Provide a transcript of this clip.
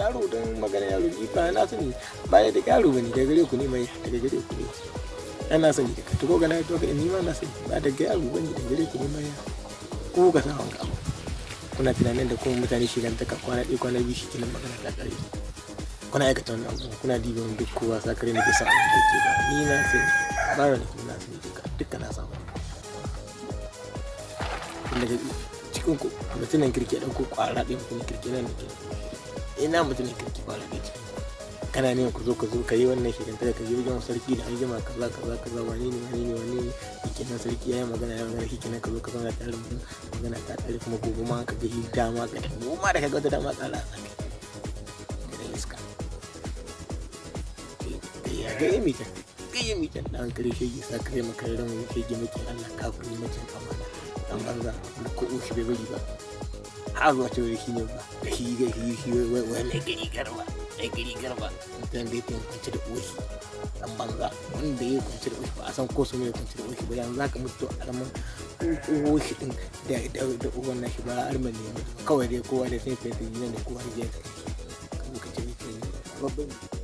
yaro don magana yaro ni ba na sani ba ya da yaro bane daga gare ku ne mai daga gare ku ne ana sani daga to ga na to ga ni ma na sani ba daga yaro bane daga gare ku ne mai ku ka sa wanka kuna tunanin da kuma mutane shi ganta ka kwana ɗaya kwana biyu shi kenan magana ta kare kuna aikata wani abu kuna dibin duk kowa sakare ne ke sa wani ke ba ni na sani ba kuma na sani duka duka na sa cikin ku mutumin kirki ya ɗauko ƙwara ɗin kuma kirki nan da ke ina mutum ne kirki ba lokaci kana ne ku zo ka zo ka yi wannan shekanta ka je sarki da aljima kaza kaza kaza wani ne wani ne wani ne yake nan sarki ya yi magana ya magana shike nan ka zo ka zauna tare da magana ta tare kuma gobe ma ka ga dama ka gobe goma da ka ga wata dama tsala a tsaka da iska ya ga yi mitan ga yi mitan da an kare shege sa kare makarar mu shege ke Allah kafin makin da an banza ko ushi bai bari ba a zuwa cewa shi ne ba shi shi shi da da wanda ya kwanci da ba a san ko su ne kwanci da ba yanzu zaka mutu a ramin oshi din da da da nashi ba arman ne kawai dai kowa da sai ne kowa da ya ka ce babban